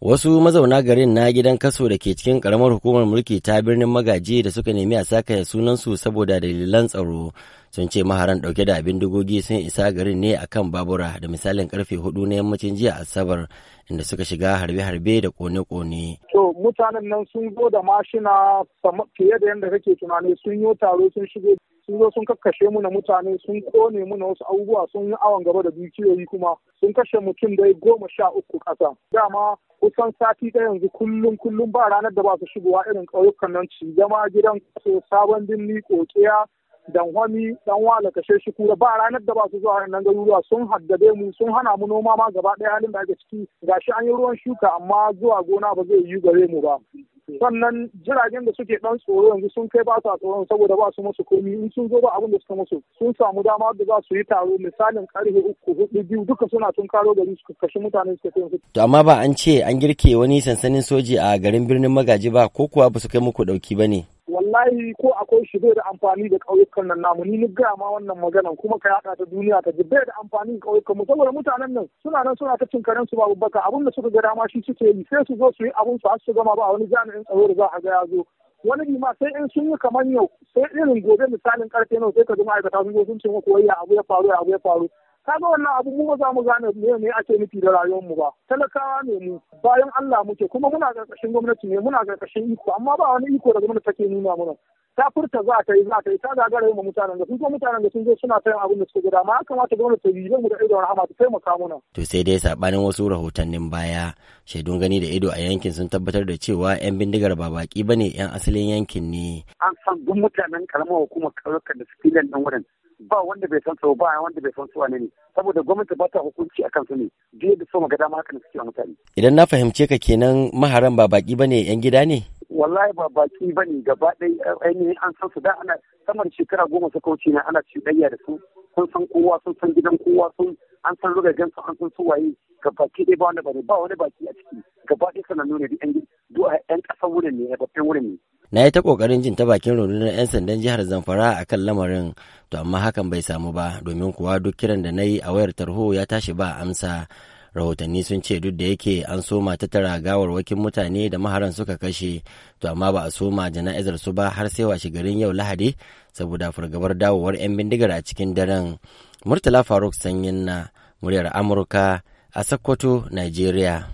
Wasu mazauna garin na gidan kaso da ke cikin karamar hukumar mulki ta birnin magaji da suka nemi a saka sunansu saboda dalilan tsaro sun ce maharan dauke da abin dugogi sun isa garin ne akan babura da misalin karfe hudu na yammacin jiya asabar inda suka shiga harbe-harbe da kone-kone. To mutanen nan sun zo da mashina fiye da yadda kake tunani sun yi taro sun shigo sun zo sun kakkashe mu na mutane sun kone mu na wasu abubuwa sun yi awon gaba da dukiyoyi kuma sun kashe mutum dai goma sha uku kasa dama kusan sati ta yanzu kullum kullum ba ranar da ba su shigowa irin ƙauyukan nan ci zama gidan so sabon birni ƙoƙiya dan wani dan wala kashe shi kura ba ranar da ba su zuwa nan garuruwa sun haddade mu sun hana mu noma ma gaba ɗaya halin da ake ciki gashi an yi ruwan shuka amma zuwa gona ba zai yi gare mu ba sannan jiragen da suke dan tsoro yanzu sun kai ba su tsoron saboda ba su masu komi in sun zo ba abin da suka musu sun samu dama da za su yi taro misalin karfe uku hudu biyu duka suna tun karo gari su kashe mutanen su kai to amma ba an ce an girke wani sansanin soji a garin birnin magaji ba ko kuwa ba su kai muku dauki ba ne. wallahi ko akwai shi bai da amfani da ƙauyukan nan namu ni ni gaya ma wannan maganan kuma ka yaɗa ta duniya ta bai da amfani da ƙauyukan mu saboda mutanen nan suna nan suna ta cin karen su babu baka abin da suka ga dama shi suke yi sai su zo su yi abun su har su gama ba wani jami'in tsaro da za a ga ya zo wani ma sai in sun yi kamar yau sai irin gobe misalin karfe nawa sai ka ji ma'aikata sun zo sun ce muku wai abu ya faru abu ya faru kaga wannan abu mu za mu gane me ne ake nufi da rayuwar mu ba talakawa ne mu bayan Allah muke kuma muna karkashin gwamnati ne muna karkashin iko amma ba wani iko da gwamnati take nuna mana ta furta za ta yi za ta yi ta gagara yi mutanen da sun kuma mutanen da sun zo suna ta yin abin da suka gida kuma kamata gwamnati ta yi mu da ido rahama ta taimaka mana to sai dai sabanin wasu rahotannin baya shaidun gani da ido a yankin sun tabbatar da cewa yan bindigar ba baki bane yan asalin yankin ne an san duk mutanen karamar hukumar kauyukan da suke nan wurin ba wanda bai san su ba wanda bai san su ne saboda gwamnati ba ta hukunci akan su ne biye da so magada haka ne suke mutane idan na fahimce ka kenan maharan ba baki bane yan gida ne wallahi ba baki bane gaba ɗaya ainihin an san su da ana samar shekara goma suka kauce na ana cuɗayya da su sun san kowa sun san gidan kowa sun an san rugagen su an san su waye ga baki ɗaya ba wanda ba ba wani baki a ciki gaba ɗaya sanannu ne duk yan kasan wurin ne a babban wurin ne na yi ta ƙoƙarin jin ta bakin rundunar 'yan sandan jihar zamfara akan lamarin to amma hakan bai samu ba domin kuwa duk kiran da na yi a wayar tarho ya tashi ba amsa rahotanni sun ce duk da yake an soma ta tara gawarwakin mutane da maharan suka kashe to amma ba a soma jana'izar su ba har sai washe garin yau lahadi saboda fargabar dawowar 'yan bindigar a cikin daren murtala faruk sanyin na muryar amurka a sokoto nigeria